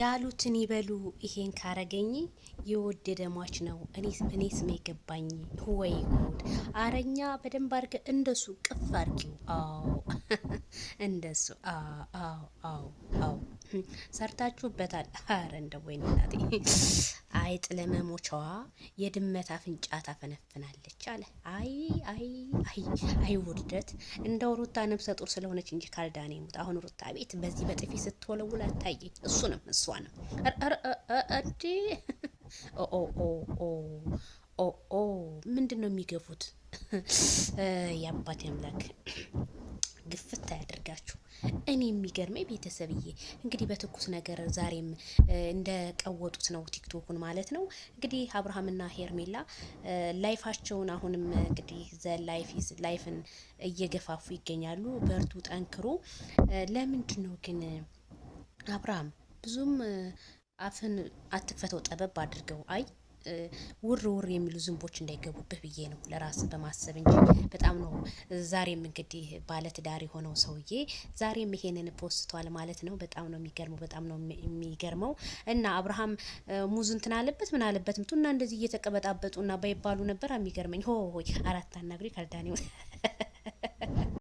ያሉትን ይበሉ። ይሄን ካረገኝ የወደደ ሟች ነው። እኔስ ስም ገባኝ? ወይ ጉድ! አረኛ በደንብ አርገ እንደሱ ቅፍ አርጊው። አዎ እንደሱ። አዎ አዎ አዎ ሰርታችሁበታል። አረ እንደ ወይኔ እናቴ አይጥ ለመሞቻዋ የድመት አፍንጫ ታፈነፍናለች አለ። አይ አይ አይ አይ ውርደት! እንደው ሩታ ነብሰ ጡር ስለሆነች እንጂ ካልዳኔ ሙት። አሁን ሩታ ቤት በዚህ በጥፊ ስትወለውል አታየኝ። እሱንም እሷንም እንዴ ኦ ምንድን ነው የሚገፉት? የአባቴ አምላክ ግፍት አያደርጋችሁ። እኔ የሚገርመኝ ቤተሰብዬ እንግዲህ በትኩስ ነገር ዛሬም እንደቀወጡት ነው ቲክቶኩን ማለት ነው። እንግዲህ አብርሃምና ሄርሜላ ላይፋቸውን አሁንም እንግዲህ ዘ ላይፍ ኢዝ ላይፍን እየገፋፉ ይገኛሉ። በርቱ፣ ጠንክሩ። ለምንድን ነው ግን አብርሃም ብዙም አፍን አትክፈተው ጠበብ አድርገው አይ ውር ውር የሚሉ ዝንቦች እንዳይገቡብህ ብዬ ነው ለራስ በማሰብ እንጂ በጣም ነው። ዛሬም እንግዲህ ባለትዳር የሆነው ሰውዬ ዛሬም ይሄንን ፖስቷል ማለት ነው። በጣም ነው የሚገርመው፣ በጣም ነው የሚገርመው። እና አብርሃም ሙዙ እንትን አለበት ምን አለበት ምቱና እንደዚህ እየተቀበጣበጡና ባይባሉ ነበር የሚገርመኝ። ሆይ አራት አናግሪ ካልዳኔ